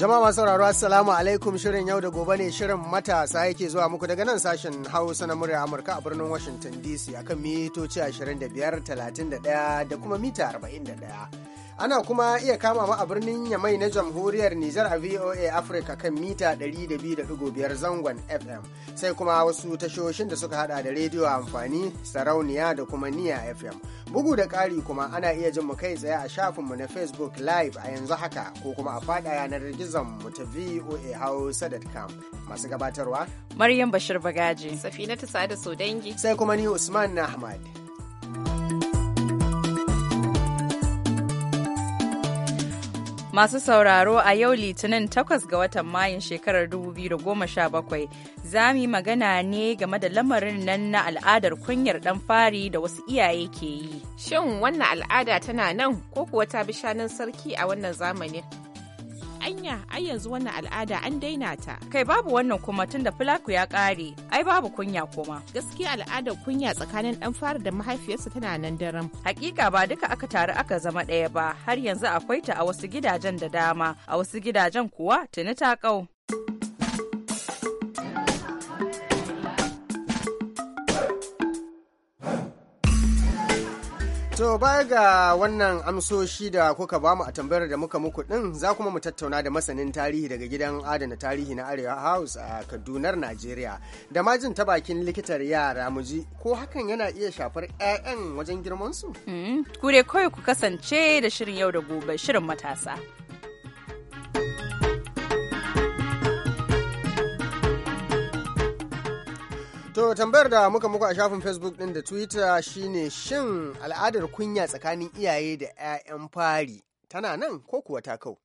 Jama'a masu sauraro Assalamu alaikum shirin yau da gobe ne shirin matasa yake zuwa muku daga nan sashen Hausa na murya Amurka a birnin Washington DC akan mitoci 25, 31 da kuma mita 41. Ana kuma iya kama mu a birnin Yamai na Jamhuriyar Nijar a VOA Africa kan mita 200.5 zangon FM. Sai kuma wasu tashoshin da suka hada da rediyo amfani, sarauniya da kuma niya FM. Bugu da kari kuma ana iya jin mu kai tsaye a shafinmu na Facebook Live a yanzu haka ko kuma a faɗa yanar gizon mu ta VOA Hausa.com. Masu gabatarwa? Maryam Bashir Bagaji. Safina Tusa da Sodangi. Sai kuma ni Usman Ahmad. Masu sauraro a yau Litinin Takwas ga watan Mayun shekarar 2017 za mu yi magana ne game da lamarin nan na al'adar kunyar ɗan fari da wasu iyaye ke yi. Shin wannan al'ada tana nan ko kuwa ta bi shanun sarki a wannan zamanin? anya ai yanzu wannan al'ada an daina ta kai babu wannan kuma tunda fulaku ya kare ai babu kunya kuma gaskiya al'adar kunya tsakanin dan fara da mahaifiyarsa tana nan daren hakika ba duka aka taru aka zama ɗaya ba har yanzu akwai ta a wasu gidajen da dama a wasu gidajen kuwa tuni ta kau To baya ga wannan amsoshi da kuka bamu a tambayar da muka muku ɗin, za kuma mu tattauna da masanin tarihi daga gidan adana tarihi na Arewa House a Kadunar Najeriya da majin ta bakin likitar yara muji? ko hakan yana iya shafar 'ya'yan wajen girmansu? Mm, Kure kawai ku kasance da shirin yau da gobe shirin matasa. To tambayar da muka muku a shafin Facebook ɗin da Twitter shine shin al'adar kunya tsakanin iyaye da 'ya'yan fari tana nan ko kuwa ta kau?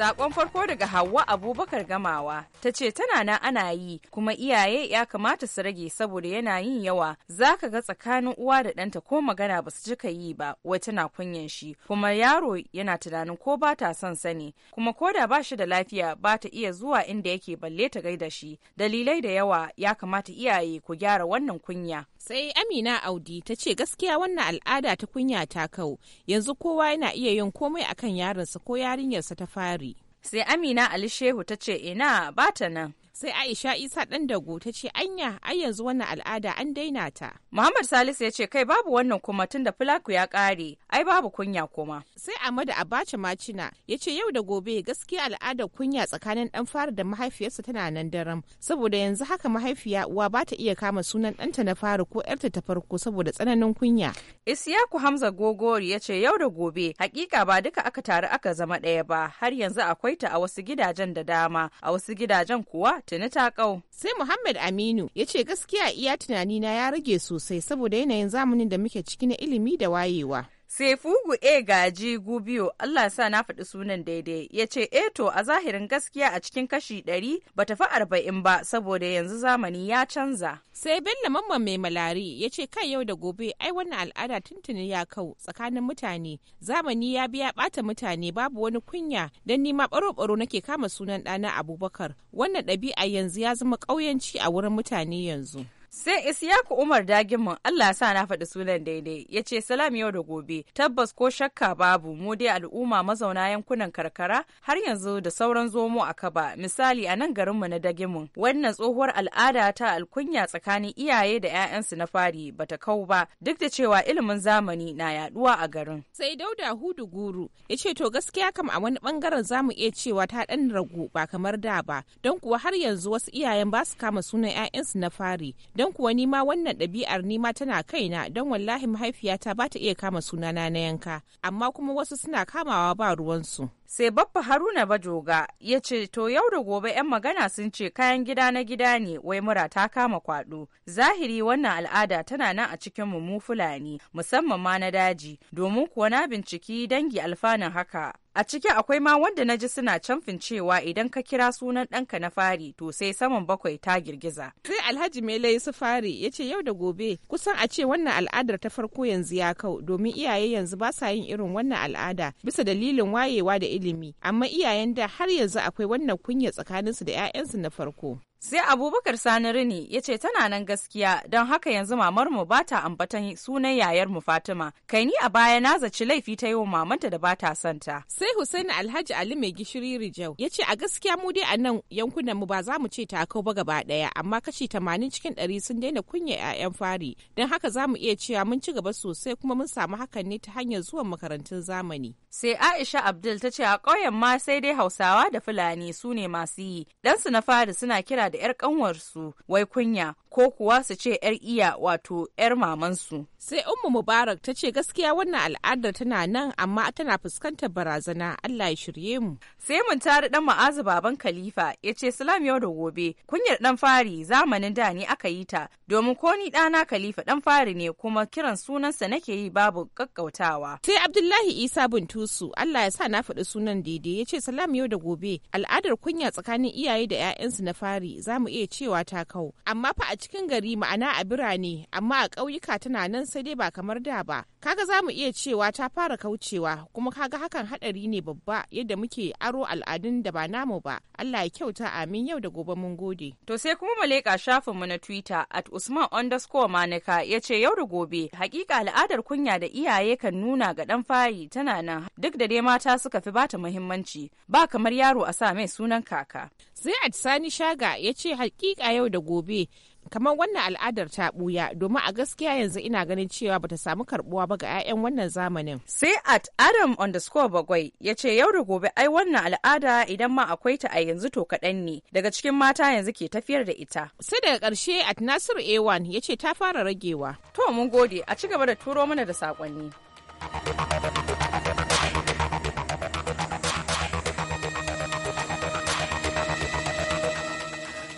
Sakon farko daga hawa Abubakar Gamawa ta ce tana nan ana yi kuma iyaye ya kamata su rage saboda yana yin yawa za ka ga tsakanin uwa da ɗanta ko magana ba su cika yi ba wai tana kunyan shi kuma yaro yana tunanin ko ba ta son sani kuma ko da ba shi da lafiya ba ta iya zuwa inda yake balle ta gaida shi dalilai da yawa ya kamata iyaye ku gyara wannan kunya. Sai Amina Audi ta ce gaskiya wannan al'ada ta kunya ta kau yanzu kowa yana iya yin komai akan yarinsa ko yarinyarsa ta fari. sai amina ali shehu ta ce ina bata nan sai aisha isa ɗan dago ta ce anya a yanzu wannan al'ada an daina ta muhammad salisu ya ce kai babu wannan kuma tun da fulaku ya kare ai babu kunya kuma sai amadu abacha macina ya ce yau da gobe gaskiya al'adar kunya tsakanin ɗan fara da mahaifiyarsa tana nan daram saboda yanzu haka mahaifiya uwa ba ta iya kama sunan ɗanta na fara ko ‘yarta ta farko saboda tsananin kunya isiyaku hamza gogori ya ce yau da gobe hakika ba duka aka taru aka zama ɗaya ba har yanzu akwai ta a wasu gidajen da dama a wasu gidajen kuwa tuni ta kau. Sai Muhammad Aminu ya ce gaskiya iya tunanina ya rage sosai saboda yanayin zamanin da muke ciki na ilimi da wayewa. Sefugu E eh, Gaji Gubiyo, Allah sa na faɗi sunan daidai, ya ce eto eh a zahirin gaskiya a cikin kashi ɗari ba ta fi arba'in ba saboda yanzu zamani ya canza. Sai Bello Mamman mai malari ya ce kai yau da gobe ai wannan al'ada tuntuni ya kau tsakanin mutane. Zamani ya biya ɓata mutane babu wani kunya don nima ɓaro baro nake kama sunan ɗana Abubakar. Wannan ɗabi'a yanzu ya zama ƙauyanci a wurin mutane yanzu. Sai Isiyaku Umar Dagimin Allah sa na faɗi sunan daidai ya ce salam yau da gobe tabbas ko shakka babu mu dai al'umma mazauna yankunan karkara har yanzu da sauran zomo a kaba misali a nan garinmu na Dagimin wannan tsohuwar al'ada ta alkunya tsakanin iyaye da 'ya'yansu na fari bata kau ba duk da cewa ilimin zamani na yaduwa a garin. Sai Dauda Hudu Guru ya ce to gaskiya kam a wani bangaren zamu iya cewa ta ɗan ragu ba kamar da ba don kuwa har yanzu wasu iyayen ba su kama sunan 'ya'yansu na fari don kuwa nima wannan ɗabi'ar nima tana kaina don wallahi mahaifiyata ba ta iya kama sunana na yanka amma kuma wasu suna kamawa ba ruwansu sai babba haruna bajoga ya ce to yau da gobe 'yan magana sun ce kayan gida na gida ne wai mura ta kama kwaɗo zahiri wannan al'ada tana nan a cikin mu fulani musamman ma na daji domin kuwa na binciki dangi alfanun haka A ciki akwai ma wanda na ji suna camfin cewa idan ka kira sunan ɗanka na fari to sai saman bakwai ta girgiza. Sai Alhaji Mele su fari ya ce yau da gobe kusan a ce wannan al'adar ta farko yanzu ya kau domin iyaye yanzu ba sa yin irin wannan al'ada bisa dalilin wayewa da ilimi amma iyayen da har yanzu akwai wannan kunya tsakaninsu da 'ya'yansu na farko sai abubakar sani rini ya ce tana nan gaskiya don haka yanzu mamarmu ba ta ambatan sunan yayarmu fatima kai ni a baya na zaci laifi ta yi wa mamanta da ba ta santa sai husaini alhaji ali mai gishiri rijau ya ce a gaskiya mu dai a nan yankunan mu ba za mu ce ta kau ba gaba daya amma kashi tamanin cikin ɗari sun daina kunya 'ya'yan fari don haka za mu iya cewa mun ci gaba sosai kuma mun samu hakan ne ta hanyar zuwan makarantun zamani sai aisha abdul ta ce a ƙauyen ma sai dai hausawa da fulani su ne masu yi ɗansu na fari suna kira da 'yar ƙanwarsu wai kunya ko kuwa su ce 'yar iya wato 'yar mamansu. Sai Ummu Mubarak ta ce gaskiya wannan al'adar tana nan amma tana fuskantar barazana Allah ya shirye mu. Sai mun tari dan ma'azu baban Khalifa ya ce salam yau da gobe kunyar dan fari zamanin da ne aka yi ta domin ko ni ɗana Khalifa dan fari ne kuma kiran sunansa nake yi babu kakkautawa. Sai Abdullahi Isa Buntusu Allah ya sa na faɗi sunan daidai ya ce salam yau da gobe al'adar kunya tsakanin iyaye da 'ya'yansu na fari za mu iya cewa ta kau amma fa a cikin gari ma'ana a birane amma a ƙauyuka tana nan sai dai ba kamar da ba kaga za mu iya cewa ta fara kaucewa kuma kaga hakan haɗari ne babba yadda muke aro al'adun da ba namu ba Allah ya kyauta amin yau da gobe mun gode to sai kuma mu leƙa shafin mu na Twitter at Usman underscore Manaka ya ce yau da gobe haƙiƙa, al'adar kunya da iyaye kan nuna ga ɗan fayi, tana nan duk da dai mata suka fi bata muhimmanci ba kamar yaro a sa mai sunan kaka sai Sani Shaga ya ce haƙiƙa yau da gobe kamar wannan al'adar ta buya domin a gaskiya yanzu ina ganin cewa bata samu karbuwa ba ga 'ya'yan wannan zamanin. Sai at Adam underscore bagwai ya ce yau da gobe ai wannan al'ada idan ma akwai ta a yanzu to kaɗan ne daga cikin mata yanzu ke tafiyar da ita. Sai daga ƙarshe at Nasir A1 ya ce ta fara ragewa. To mun gode a ci gaba da turo mana da saƙonni.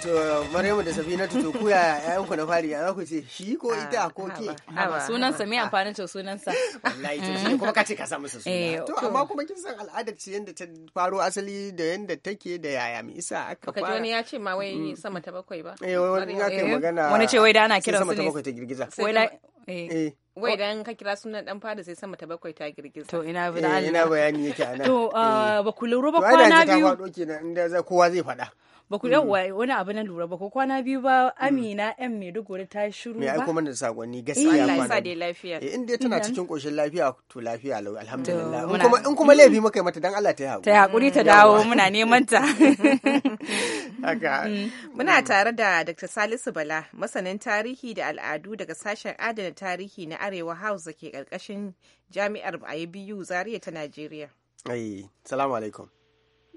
To Maryamu da Sabina to ku ya yayan ku na fari ya za ku ce shi ko ah, ita ko ke? Sunan sa me amfani to sunan sa? Wallahi to mm. shi kuma ka ce ka sa musu suna. Eh, to amma kuma kin san al'adar ce yanda ta faro asali da yanda take da yaya mi isa aka fara. Kaji wani ya ce ma wai mm. sama ta bakwai ba. Eh wani ya kai eh. magana. Wani ce wai da ana kiran su ne. Sama ta bakwai ta girgiza. Eh. eh. wai dan ka kira sunan dan fada sai sama ta bakwai ta girgiza to ina bayani ina bayani yake anan to ah, ba ku lura ba kwana biyu to ai da kowa zai faɗa ba ku yawa mm. wani abu na lura ba ko kwana biyu ba mm. amina yan maiduguri ta shiru ba mai aiko mana da sakonni eh, gaskiya Allah ya sa lafiya eh, in dai tana cikin koshin lafiya to lafiya lau alhamdulillah in kuma in kuma laifi muka yi mata dan Allah ta yi hakuri ta hakuri ta dawo muna neman ta haka mm. muna tare da Dr. Salisu Bala masanin tarihi da al'adu daga sashen adana tarihi na Arewa House dake ke karkashin Jami'ar Biyu, Zaria ta Najeriya. Ai, salamu alaikum.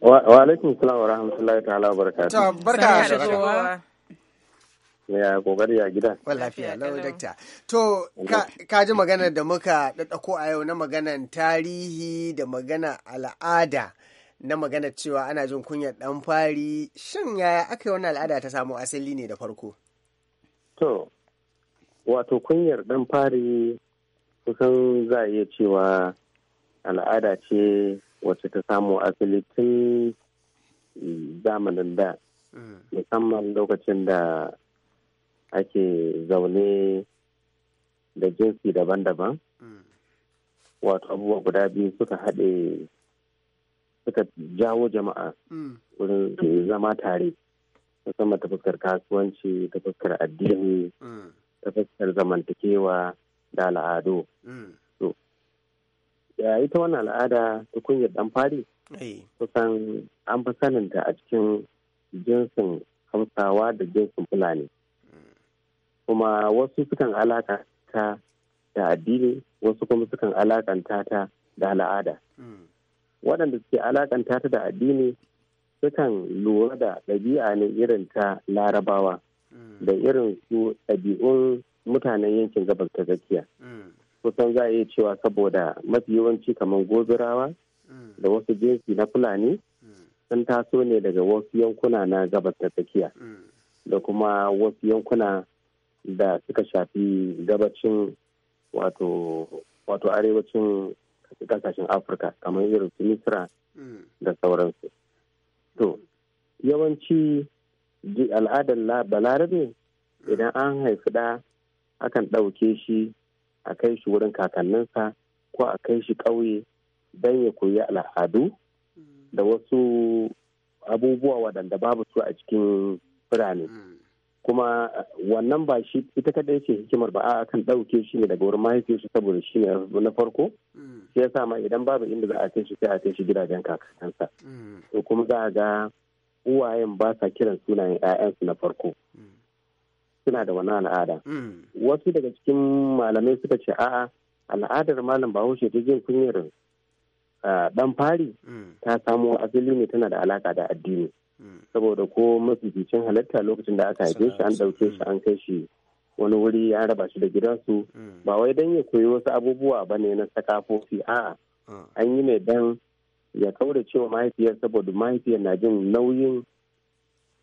Wa alaikum salam wa rahmatullahi ta'ala wa barakatuh. Ta barka da shigowa. Ya kokari a gida. Wa lafiya lau dakta. To ka ji magana da muka daddako a yau na maganar tarihi da magana al'ada. na magana cewa ana jin kunyar dan fari shin yaya aka yi wani al'ada ta samu asali ne da farko to wato kunyar dan fari kusan za a iya cewa al'ada ce wacce ta samu asali tun zamanin da musamman lokacin da ake zaune da jinsi daban-daban wato abubuwa guda biyu suka haɗe suka jawo jama'a wurin zama tare musamman ta fuskar kasuwanci ta fuskar addini ta fuskar zamantakewa da al'adu da ita wannan al'ada ta kunyar dan fari eh. kusan an fi sanin ta a cikin jinsin hausawa da jinsin fulani kuma wasu sukan alakanta da addini wasu kuma sukan alakanta ta da al'ada hmm. waɗanda suke alakanta ta da addini sukan lura da ɗabi'a ne irin ta larabawa hmm. da irin su ɗabi'un mutanen yankin gabas ta gaskiya hmm. kusan za a iya cewa saboda mafi yawanci kamar gobirawa mm. da wasu jinsi na fulani sun taso ne daga wasu yankuna na gabas ta tsakiya mm. da kuma wasu yankuna da suka shafi gabacin wato arewacin kasashen afirka kamar irin su misra mm. da sauransu to yawanci al'adar balarabe idan an haifi ɗa akan ɗauke shi a kai shi wurin kakanninsa ko a kai shi ƙauye don ya koyi al'adu da wasu abubuwa waɗanda babu su a cikin birane hmm. kuma wannan ba shi ita kadai ce hikimar ba a kan ɗauke shi ne daga wurin mahaifiyarsu saboda shi ne na farko hmm. shi yasa ma idan babu inda za a kai shi sai a kai shi gidajen kakansa hmm. to kuma za a ga uwayen ba sa kiran sunayen 'ya'yansu na farko suna da wannan al'ada mm. wasu daga cikin malamai suka ce a'a al'adar malam bahaushe ta jin kunyar dan fari mm. ta samo asali ne tana da alaka da addini mm. saboda ko mafificin halatta lokacin da aka haife shi an ɗauke shi an kai shi wani wuri ya raba shi da gidansu ba wai dan ya koyi wasu abubuwa ba ne na sakafofi a'a ah. an yi mai dan ya kaura cewa mahaifiyar saboda mahaifiyar na jin nauyin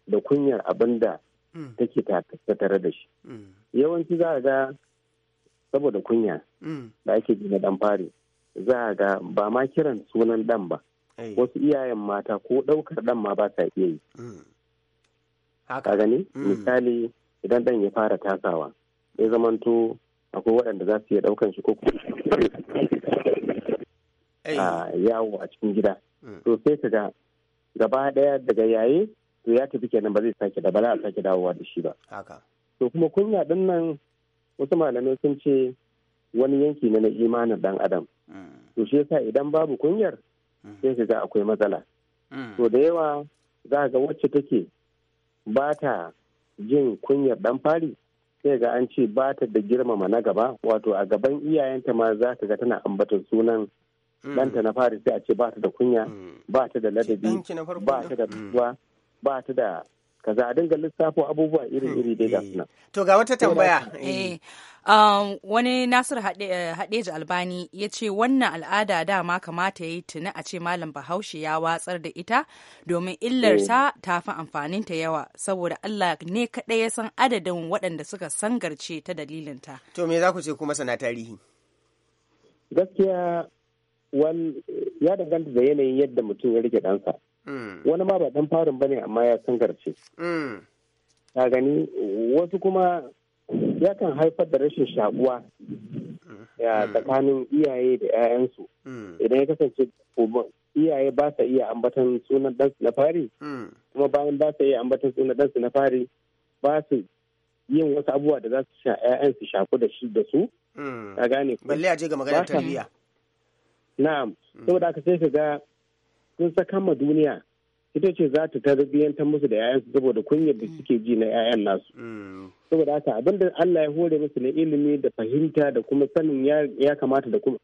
da kunyar abin da Mm. take tattare da shi mm. yawanci za a ga saboda kunya mm. da ake gina dan fari za a ga ba ma kiran sunan dan ba wasu iyayen mata ko ɗaukar dan ma ba sa iya yi ka gani misali idan dan ya fara tasawa ya zamanto akwai waɗanda za su iya ɗaukan shi ko a yawo a cikin gida to sai ka ga gaba ɗaya daga yaye to ya tafi kenan ba zai sake da ba za a sake dawowa da shi ba to kuma kunya din nan wasu malamai sun ce wani yanki ne na imanin ɗan adam mm. to shi yasa idan babu kunyar mm. sai ka ga akwai matsala mm. to da yawa za ga wacce take ba ta jin kunyar dan fari sai ga an ce ba ta da girmama na gaba wato a gaban iyayenta ma za ka ga tana ambatar sunan ɗanta na fari sai a ce ba ta da kunya ba ta da ladabi ba ta da tuwa ba ta da kaza a dinga lissafo abubuwa iri-iri dai gasu nan. To ga wata tambaya. Eh, eh. Um, wani Nasir eh, Hadeji Albani ya ce wannan al'ada dama kamata ya yi tuni a ce Malam Bahaushe ya watsar da ita domin illarsa ta fi ta yawa saboda Allah ne kaɗai ya san adadin waɗanda suka sangarce ta dalilinta. To me za ku ce kuma sana tarihi? Gaskiya ya danganta da yanayin yadda mutum ya rike ɗansa. Mm. wani ma ba dan farin bane amma ya sangarce ta mm. gani wasu kuma ya kan haifar da rashin shakuwa ya mm. tsakanin iyaye da 'ya'yansu idan ya kasance iyaye ba sa iya ambatan sunan dansu na fari kuma bayan ba sa iya ambatan sunan dansu na fari ba su yin wasu abubuwa da za su sha 'ya'yansu shaku da shi da su ka gane balle a je ga maganar tarbiyya na'am saboda aka sai ka ga sun saka ma duniya ita ce za ta tarbiyyantar musu da 'ya'yansu saboda kunyar da suke ji na 'ya'yan nasu mm. saboda haka abin da Allah ya hore musu na ilimi da fahimta da kuma sanin ya kamata da kuma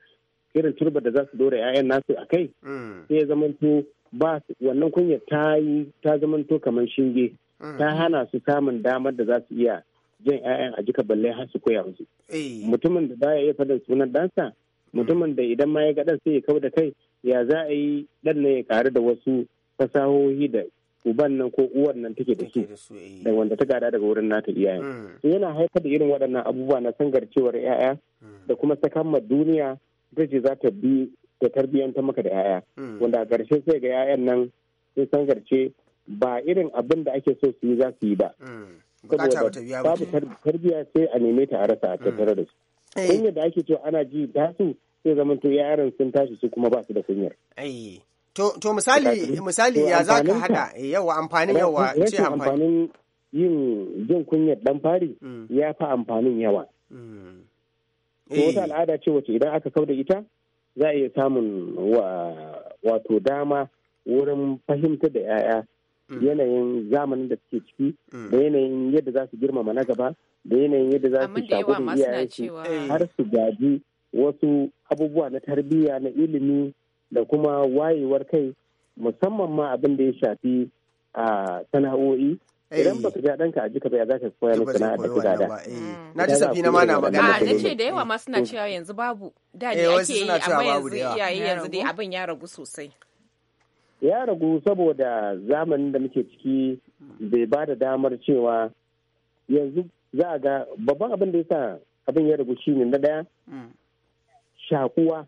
irin turba da za su dora 'ya'yan nasu a kai mm. sai ya zamanto ba wannan kunyar ta yi ta zamanto kamar shinge mm. ta hana su samun damar da za su iya jan 'ya'yan a jika balle har su koya musu eh. mutumin da baya iya faɗin sunan dansa mutumin da idan ma ya ga sai ya kau da kai ya za a yi ɗan ya ƙaru da wasu fasahohi da uban nan ko uwan nan take da su eh. da wanda ta gada daga wurin nata iyayen hmm. yana haifar da irin waɗannan abubuwa na sangarcewar yaya hmm. da kuma sakamar duniya ita ce za ta bi da tarbiyyanta maka da yaya hmm. wanda a ƙarshe sai ga yayan nan sun sangarce ba irin abin da ake so su yi za su yi ba saboda babu tarbiyya sai a neme ta a rasa a tattare da su eh. kun yadda ake cewa ana ji tasu sai to yaran sun tashi su kuma ba su da kunyar. To, misali misali ya za ka haɗa eh, yawa amfanin yawa ce amfanin yin jin kunyar dan fari mm. ya fi amfanin yawa. Mm. To wata eh. al'ada ce wace idan aka kau da ita za a iya samun wato dama wurin fahimtar da 'ya'ya mm. yanayin zamanin da suke ciki da yanayin yadda za su girmama na gaba da yanayin yadda za su shaƙo da iyayensu eh. har su gaji wasu abubuwa na tarbiyya na ilimi da kuma wayewar kai musamman ma abin da ya shafi a sana'o'i eh. idan ba ka ja ɗanka a jika ba za ka koya masa sana'a da kuɗa da eh. mm. na ji safi na mana magana na ce da yawa ma suna mm. cewa yanzu babu da ne eh, ake yi amma yanzu iyaye yanzu dai abin ya ragu sosai ya ragu saboda zamanin da muke ciki bai ba da damar cewa yanzu za a ga babban abin da ya sa abin ya ragu shine na daya. Mm. shakuwa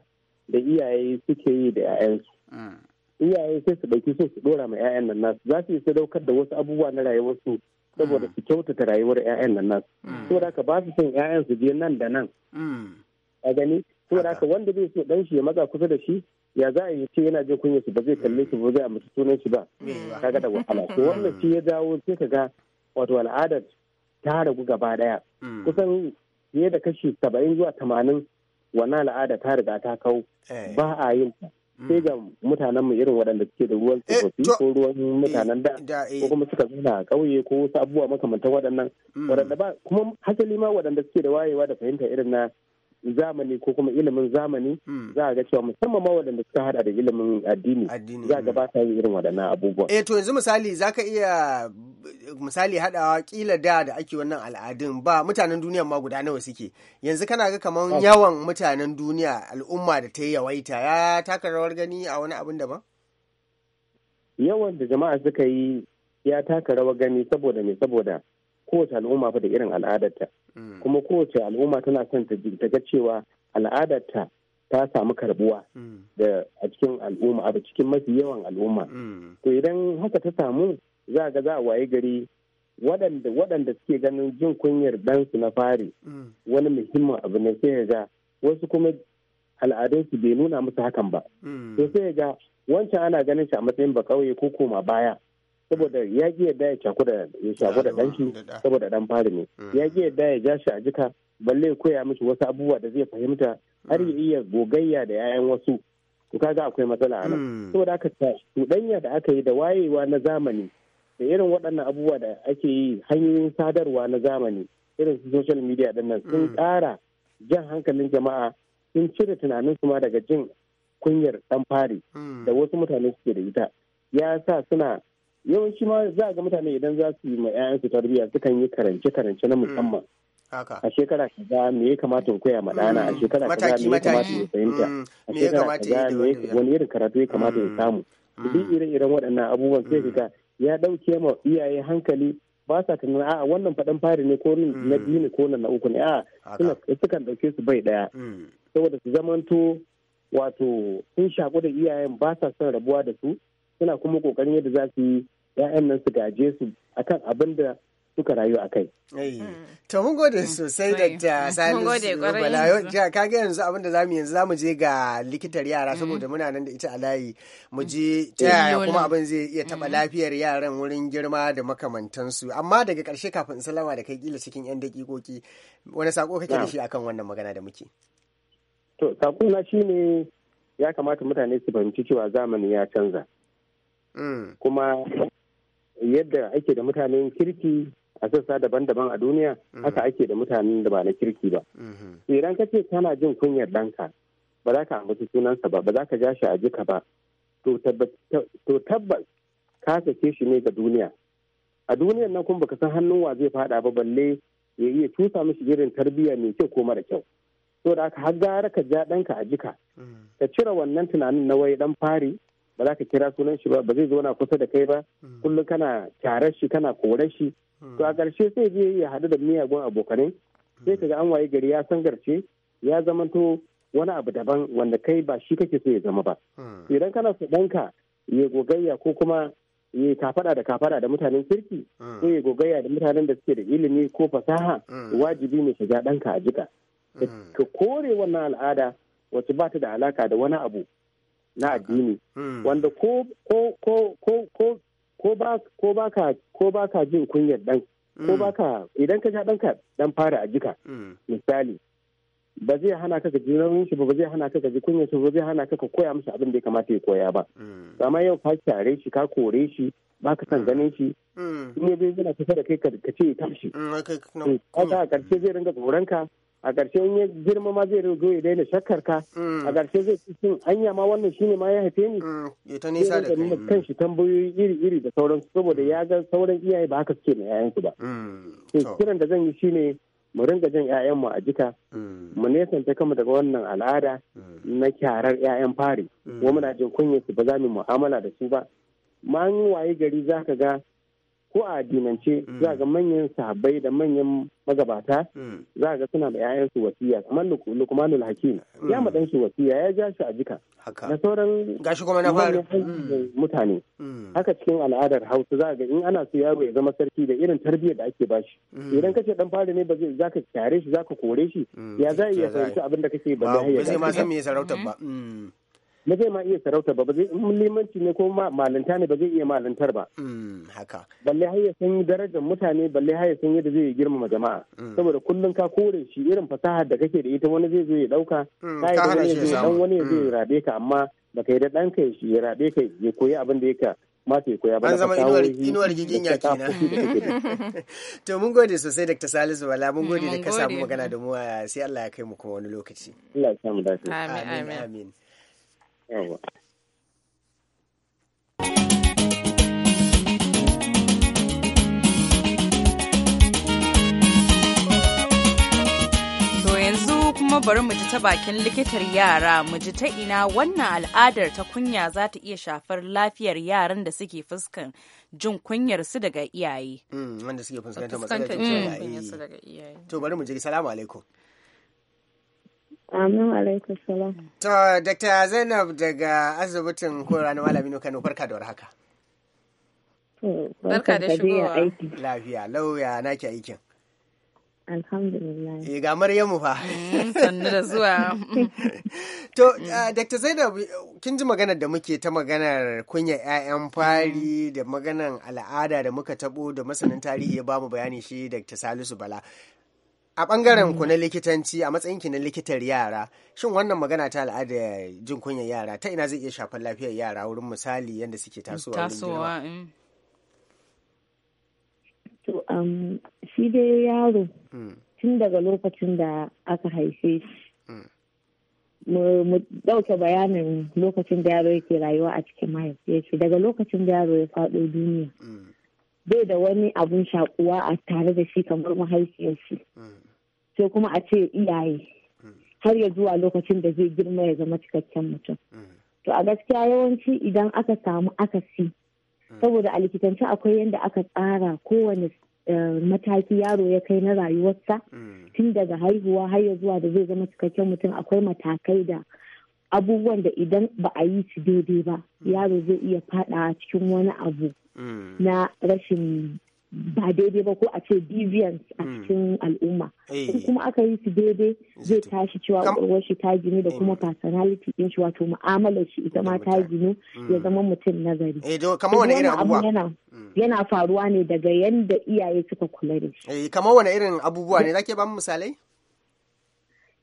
da iyaye suke yi da 'ya'yansu hmm. iyaye sai su ɗauki so su ɗora ma 'ya'yan nan nasu za su yi sadaukar da wasu abubuwa na rayuwarsu saboda hmm. su kyautata rayuwar 'ya'yan nan nasu hmm. saboda haka ba su son 'ya'yan su je nan da nan a gani saboda haka wanda zai so ɗan shi ya maza kusa da shi ya za a yi ce yana jin kunya su ba zai kalle shi ba zai amince sunan shi ba kaga da wahala to wannan shi ya jawo sai ka ga wato al'adar ta ragu gaba ɗaya kusan fiye da kashi saba'in zuwa tamanin wannan al'ada ta riga ta kau eh. ba a yin ta mm. sai ga mutanen mu irin waɗanda suke da ruwan eh, tsofaffi ko ruwan mutanen da eh. ko kuma suka zuna a ƙauye ko wasu abubuwa makamantan waɗannan mm. waɗanda ba kuma hasali ma waɗanda suke da wayewa da fahimta irin na zamani ko kuma ilimin zamani hmm. za a ga cewa musamman ma waɗanda suka hada da ilimin addini za a hmm. gabata yin irin waɗannan abubuwa. Eh to yanzu misali za ka iya misali haɗawa kila da da ake wannan al'adun ba mutanen duniya ma guda nawa suke yanzu kana ga kamar ah. yawan mutanen duniya al'umma da ta yi yawaita ya taka rawar gani a wani abin ba. Yawan da jama'a suka yi ya taka rawar gani saboda me saboda kowace al'umma fa da irin al'adarta. Mm. kuma kowace al'umma tana son ta ga cewa al'adarta ta samu karbuwa mm. da a cikin al'umma a cikin mafi yawan al'umma mm. to idan haka ta samu za ga za a waye gari waɗanda suke ganin jin kunyar ɗansu na fari wani muhimmin abu ne sai ga wasu kuma al'adunsu bai nuna musu hakan ba to sai ga wancan ana ganin shi a matsayin ba kauye ko koma baya saboda ya ki yadda ya shaku da ya shaku da danki saboda dan fari ne mm. ya ki yadda ya ja shi a jika balle ya koya mishi wasu abubuwa da zai fahimta har ya mm. iya gogayya da yayan wasu to kaga akwai matsala a nan mm. saboda haka cuɗanya da aka yi da wayewa na zamani da irin waɗannan abubuwa da ake yi hanyoyin sadarwa na zamani irin su social media din nan sun ƙara jan hankalin jama'a sun cire tunanin su ma daga jin kunyar ɗan fari da wasu mutane suke da ita ya sa suna yawanci ma za a ga mutane idan za su yi ma 'ya'yansu tarbiyya sukan yi karance-karance na mm. musamman a shekara kaza me ya kamata koya ma ɗana a mm. shekara kaza me ya kamata mm. ya fahimta a shekara kaza wani irin karatu ya kamata ya samu duk irin iren waɗannan abubuwan sai ka ya ɗauke ma iyaye hankali ba sa tunanin a wannan faɗan fari ne ko na biyu ne ko na uku ne su sukan ɗauke su bai ɗaya saboda su zamanto wato sun shaƙu da iyayen ba sa son rabuwa da su suna kuma kokarin yadda za su yi ‘ya'yan nan su gaje su akan abin da suka rayu a kai. Eh. Hmm. To mun gode hmm. sosai da ta Salisu Bala. Ka ga yanzu abin da zamu yanzu zamu je ga likitar yara hmm. saboda muna nan da ita a layi mu je ta yaya kuma abin zai iya taba lafiyar yaran wurin girma da makamantansu. Amma daga karshe kafin in salama da kai kila cikin yan dakikoki wani sako kake da shi akan wannan magana da muke. To sako na shine ya kamata mutane su fahimci cewa zamani ya canza. kuma yadda ake da mutanen kirki a sassa daban-daban a duniya mm-hmm. haka ake da mutanen da ba na kirki ba mm-hmm. idan ka ce kana jin kunyar ɗanka ba za ka ambaci sunansa ba ba za ka ja shi a jika ba to tabbas ka sake shi ne ga duniya a duniyan nan kuma baka san hannun wa zai fada ba balle ya iya cusa mashi irin tarbiyya mai kyau ko mara kyau to da aka har gara ka ja ɗanka a jika mm-hmm. ka cire wannan tunanin na wai ɗan fari ba za ka kira sunan shi ba ba zai zauna kusa da kai ba hmm. kullum kana tarar shi kana korar shi hmm. to a ƙarshe sai je ya haɗu da miyagun abokanai hmm. sai kaga an waye gari ya san garce ya zamanto wani abu daban wanda kai ba shi kake so ya zama ba idan kana so ɗanka ya gogayya ko kuma ya kafada da kafada da mutanen kirki ko ya gogayya da mutanen da suke da ilimi ko fasaha wajibi ne shiga ɗanka a jika ka kore wannan al'ada wacce ba ta da alaka da wani abu na addini hmm. wanda ko ko ba ka jin kunyar dan ko ba hmm. ka idan ka ja danka dan fara a jika hmm. misali ba zai hana ka ji nauyin shi ba zai hana ka ji kunyar shi ba zai hana ka koya masa abin da ya kamata ya koya ba amma yau ka tare shi ka kore shi ba ka san ganin shi in ya zai zina kusa da kai ka ce ya tashi ka a karshe zai ringa tsoron ka a ƙarshe in ya girma ma zai rigo ya daina shakkar ka mm. a ƙarshe zai ci cin anya ma wannan shine ma ya haife ni mm, ya ta nisa da kai mm. kan shi tambayoyi iri iri da sauransu saboda ya ga sauran iyaye ba haka suke na yayansu ba to kiran da zan yi shine mu ringa jan 'ya'yan mu a jika mu nesanta kama daga wannan al'ada na kyarar 'ya'yan fari kuma muna jin kunyar su ba za mu mu'amala da su ba ma waye gari zaka ga ko a addinance mm. za ga manyan sahabbai da manyan magabata mm. za ga suna da 'yayan su wasiya kamar lukmanul hakim mm. ya madan wasiya ya ja shi a jika na sauran gashi kuma na fara mutane haka cikin al'adar hausa za ga in ana so yaro ya zama sarki da irin tarbiyyar da ake bashi idan kace dan fari ne ba zai zaka kyare shi zaka kore shi ya za iya fahimci abin da kake ba zai ma san me sarautar ba ba zai ma iya sarauta ba ba zai limanci ne ko malinta ne ba zai iya malintar ba hmm, haka balle har ya san darajar mutane balle har ya san yadda zai girmama jama'a hmm. saboda kullun ka kore shi irin fasahar da kake da ita wani zai zo ya dauka kai da wani zai dan wani zai hmm. rabe ka amma baka yi da dan kai shi ya rabe ka ya koyi abin da yake mata koya ba an zama inuwar giginya kenan to mun gode sosai Dr. Salisu Bala mun gode da ka samu magana da mu sai Allah ya kai mu kuma wani lokaci Allah ya samu dace amin amin yanzu kuma bari mu ji ta bakin likitar yara mu ji ta ina wannan al'adar ta kunya za ta iya shafar lafiyar yaran da suke fuskan jin kunyar su daga iyaye. Hmm, wanda suke fuskantar matsalar jin daga iyaye. To bari mu ji salamu alaikum. Amin alaikum salam. To, Dr. Zainab daga asibitin Kura na Malamino Kano, barka da warhaka. Barka da shigowa. Lafiya, lauya na ke aikin. Alhamdulillah. Eh, ga Maryamu fa. Mm, sannu da zuwa. To, mm. eh, Dr. Zainab, kin ji maganar da muke ta maganar kunya 'ya'yan fari mm. da maganar al'ada da muka tabo da masanin tarihi ya bamu bayani shi Dr. Salisu Bala. a bangaren ku na mm. likitanci a matsayin ki na likitar yara shin wannan magana ta al'ada jin kunyar yara ta ina zai iya shafar lafiyar yara wurin misali yadda suke tasowa tasowa eh. to um shi dai yaro mm. tun daga lokacin da aka haife shi mm. mu ɗauke bayanin lokacin da yaro yake rayuwa a cikin mahaifiyarsa daga lokacin da yaro ya faɗo duniya bai da wani abun shakuwa a tare da shi kamar mahaifiyarsa sai kuma a ce iyaye har ya zuwa lokacin da zai girma ya zama cikakken mutum to a gaskiya yawanci idan aka samu akasi saboda a likitance akwai yadda aka tsara kowane eh, mataki yaro ya kai na rayuwarsa tun daga haihuwa har ya zuwa da zai zama cikakken mutum akwai matakai da abubuwan da idan ba a yi su daidai ba yaro zai iya fada cikin wani abu mm. na rashin ba daidai ba ko a ce deviance a hmm. cikin al'umma eh. in kuma aka yi su daidai zai tashi cewa kwakwalwar shi ta gini da kuma hmm. personality din shi wato mu'amalar shi ita ma ta ginu ya hmm. zama mutum nagari eh, yana faruwa ne daga yanda iyaye suka kula da shi eh, kamar wani irin abubuwa ne zake ba mu misalai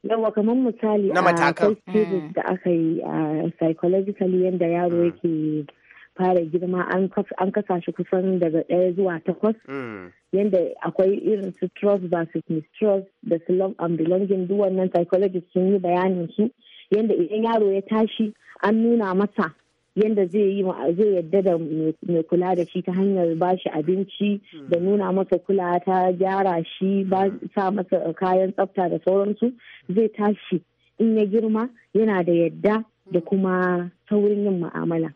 yawa kamar misali na matakan da aka yi a psychologically yadda yaro yake fara girma an kasa shi kusan daga ɗaya zuwa takwas mm. yadda akwai irin su trust versus mistrust da love um, and belonging duk wannan psychologist sun yi bayanin su yadda idan yaro ya tashi an nuna masa yadda zai yi zai yadda da mai kula da shi ta hanyar ba shi abinci mm. da nuna masa kula ta gyara shi ba mm. sa masa kayan tsafta da sauransu zai tashi in ya girma yana da yadda da kuma saurin yin ma'amala.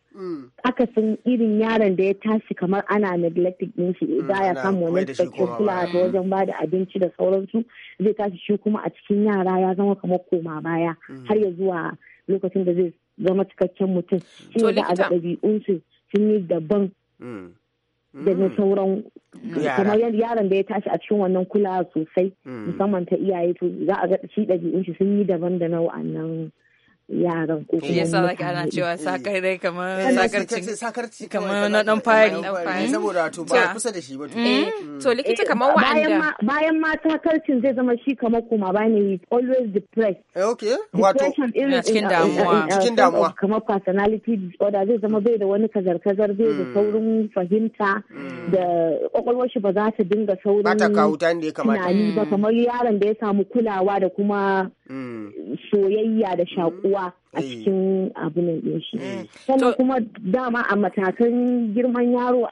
aka san irin yaron da ya tashi kamar ana neglecting din shi mm, ba ya samu wani tsakiyar kula ta mm. wajen ba da abinci da sauransu zai tashi shi kuma a cikin yara ya zama kamar koma baya mm. har ya zuwa lokacin da zai zama cikakken mutum. Shi da a ɗabi'unsu sun yi daban da na sauran kamar yaron da ya tashi a cikin wannan kulawa sosai musamman ta iyaye to za a ga shi ɗabi'un shi sun yi daban da na wa'annan yaran ko kuma yasa zaki ana cewa sakar dai kamar eh. sakarci kamar na dan fari saboda to ba kusa da shi ba to eh. mm. likita kamar eh, wa'anda bayan ma cin zai zama shi kamar kuma ba ne always depressed okay wato cikin uh, damuwa uh, cikin damuwa kamar personality disorder zai zama bai da wani kazar-kazar bai da mm. saurin fahimta mm. da kwakwalwar shi ba za ta dinga saurin ba ta kawo ta ne kamar ba kamar yaron da ya samu kulawa da kuma soyayya da shakuwa a mm. cikin abin da shi mm. sannan kuma dama a matakan girman yaro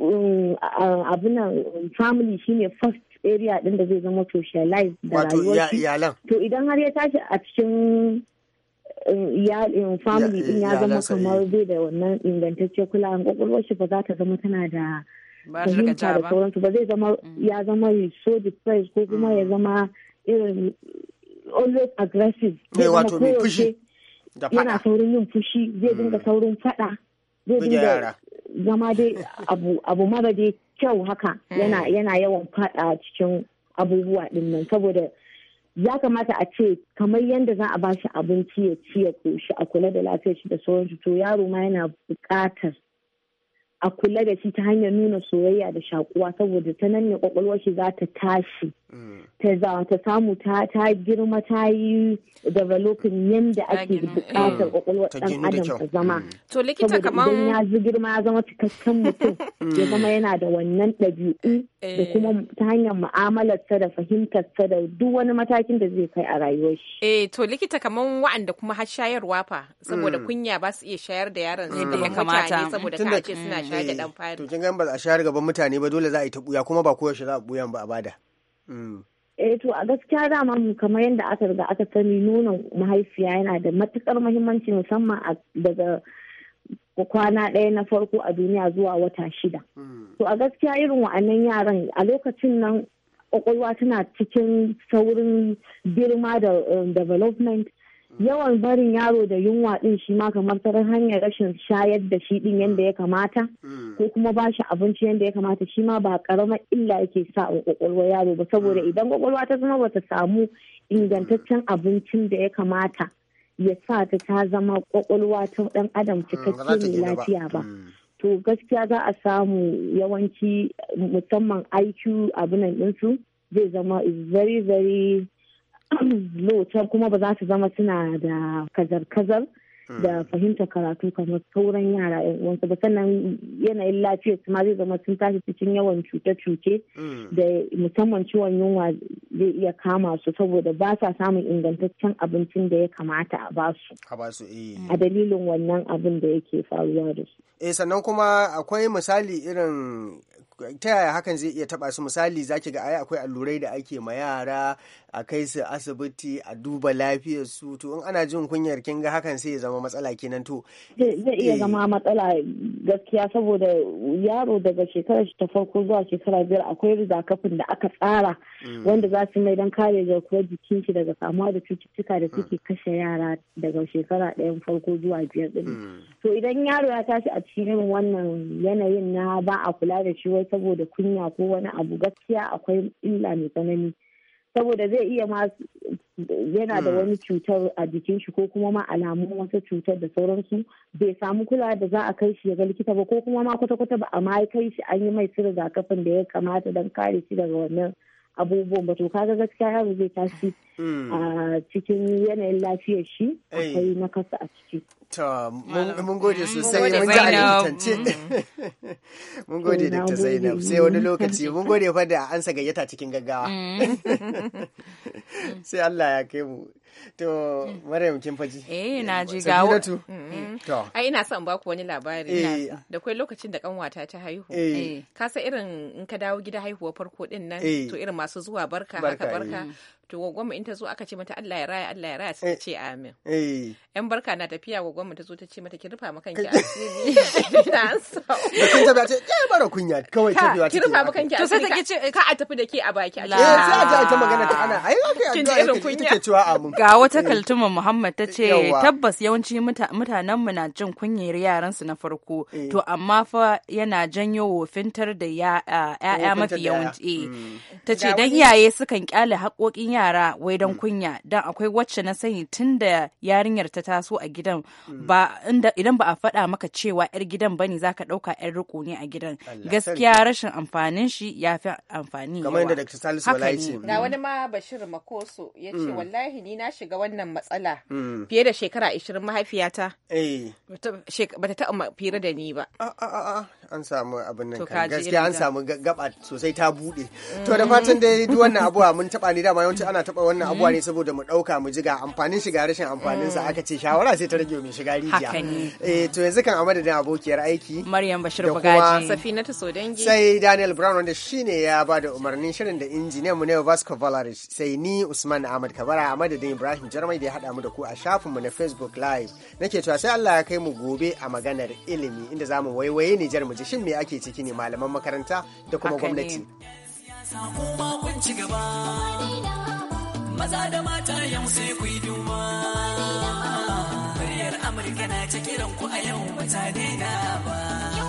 mm, abin family shine first area din da zai zama socialize da rayuwa. to idan har ya tashi a cikin iyalin family din ya zama kamar eh. bai da wannan ingantaccen kulawa kwakwalwar shi ba za ta zama tana da fahimta da sauransu ba zai zama ya zama so depressed ko kuma ya zama irin always aggressive zai wato mai fushi da fada yana saurin yin fushi zai dinga mm. saurin fada zai dinga zama dai abu abu mara dai kyau haka yana mm. yana yawan fada cikin abubuwa din nan saboda ya kamata a ce kamar yadda za a ba shi abinci ya ci ya koshi a kula da lafiyar shi da sauransu to yaro ma yana bukatar. a kula da shi ta hanyar nuna soyayya da shakuwa saboda ta nan ne kwakwalwar shi za ta tashi mm. ta za ta samu ta girma ta yi developing yadda ake bukatar mm. kwakwalwar dan adam ta zama mm. to likita kamar ya ji girma ya zama cikakken mutum ya zama yana da wannan ɗabi'u da eh. kuma ta hanyar mu'amalarsa da fahimtarsa da duk wani matakin da zai kai a rayuwar shi eh to likita kamar wa'anda kuma har shayarwa fa saboda kunya ba su iya shayar da yaron yadda ya kamata saboda ka ce suna shayar da eh, dan fari to kin gan ba a shayar gaban mutane ba dole za a yi ta buya kuma ba koyaushe za a buyan ba a bada mm. eh to a gaskiya mu kamar yadda aka riga aka sani nonon mahaifiya yana da matukar muhimmanci musamman daga kwana ɗaya na farko a duniya zuwa wata shida mm. to a gaskiya irin wa'annan yaran a lokacin nan kwakwalwa tana cikin saurin girma da eh, development yawan barin yaro da yunwa din shi ma kamar ta hanyar rashin shayar da shi din yadda ya kamata mm. ko kuma ba shi abinci yadda ya kamata shi ma ba karamar illa yake sa a kwakwalwa yaro ba saboda mm. idan kwakwalwa ta zama bata samu ingantaccen mm. abincin da ya kamata ya sa ta ta zama kwakwalwa ta dan adam cikakke mai lafiya ba to gaskiya za a samu yawanci musamman IQ abinan ɗinsu zai zama is very very lokacin kuma ba za su zama suna da kazar-kazar hmm. da fahimtar karatu kamar sauran yara wanda ba sannan yanayin lafiyar su ma zai zama sun tashi cikin yawan cuce-cuce hmm. da musamman ciwon yunwa zai iya kama su saboda ba sa samun ingantaccen abincin da ya kamata a basu eh. a dalilin wannan abin da yake faruwa da su eh sannan kuma akwai misali irin ta yaya hakan zai iya taba su misali zaki ga ai akwai allurai da ake ma yara a kai su asibiti a duba lafiyar su to in ana jin kunyar kin ga hakan sai ya zama matsala kenan to zai iya eh. zama matsala gaskiya saboda yaro daga shekara ta farko zuwa shekara biyar akwai rigakafin da aka tsara mm. wanda za su mai dan kare garkuwar jikin shi daga kamuwa da cututtuka da suke mm. kashe yara daga shekara ɗayan farko zuwa biyar ɗin mm. to idan yaro ya tashi a cikin wannan yanayin na ba a kula da shi wai saboda kunya ko wani abu gaskiya akwai illa mai tsanani saboda zai iya ma yana da hmm. wani cutar a jikin shi ko kuma ma alamun wata cutar da sauransu bai samu kula da za a kai shi ya ga likita ba ko kuma ma kwata-kwata ba a ma kai shi an yi mai su rigakafin da ya kamata don kare shi daga wannan abubuwan ba to kaga gaskiya yaro zai tashi hmm. a cikin yanayin lafiyar shi akwai nakasa a ciki ta mun gode hmm, sosai mun ji alintance. Hmm. Mun gode eh, Dr. Zainab sai wani lokaci mun gode fa da an sa gayyata cikin gaggawa. Sai Allah ya kai mu. To, Maryam kin faji. Eh, na ji ga ai ina son baku wani labari eh. da kai lokacin da kanwata ta haihu eh. Eh. ka san irin in ka dawo gida haihuwa farko din nan to irin masu zuwa barka haka barka to mu in ta zo aka ce mata Allah ya raya Allah ya raya sai eh. ce amin eh. yan barka na tafiya gwagwama ta zo ta ce mata ki rufa maka kanki eh. asiri na ansa kin ta ce eh bara kunya kawai ta biwa ki rufa maka kanki to sai ta ce ka a tafi da ke a baki Allah eh sai a ji ta magana ta ana ai ta yi kunya take cewa amin ga wata kaltuma Muhammad ta ce tabbas yawanci mutanen mu na jin kunyar yaran su na farko to amma fa yana janyo wofintar da ya'ya mafi yawanci mm. ta ce dan iyaye sukan kyale haƙoƙin yara wai don mm. kunya don akwai wacce na sani tun da yarinyar ta taso a gidan mm. ba idan ba a faɗa maka cewa yar gidan bane zaka ɗauka yar riko ne a gidan gaskiya rashin amfanin shi ya fi amfani kamar yadda Dr. Salisu Wala ce na mm. wani ma Bashir Makoso ya ce wallahi ni na shiga wannan matsala fiye da shekara 20 mahaifiyata eh. bata taɓa fira da ni ba ah, ah, ah, an samu abin nan kan gaskiya an samu gaba sosai ta bude to da fatan dai duk wannan abuwa mun taba ni dama yawanci ana taba wannan abuwa ne saboda mu dauka mu ji amfanin shiga rashin amfanin sa aka ce shawara sai ta rage mu shiga rijiya eh to yanzu kan a madadin abokiyar aiki Maryam Bashir Bugaji Safinatu Sodangi sai Daniel Brown wanda shine ya ba da umarnin shirin da injiniyan mu ne Vasco Valaris sai ni Usman Ahmad Kabara a madadin Ibrahim Jarmai da ya hada mu da ku a shafin mu na Facebook Live nake cewa sai Allah ya kai mu gobe a maganar ilimi inda zamu waiwaye Nijar mu ji shin me ake ciki ne malaman makaranta da kuma gwamnati. Maza da mata yau sai ku yi duba. Muryar Amurka na ta kiran ku a yau ba ta daina ba.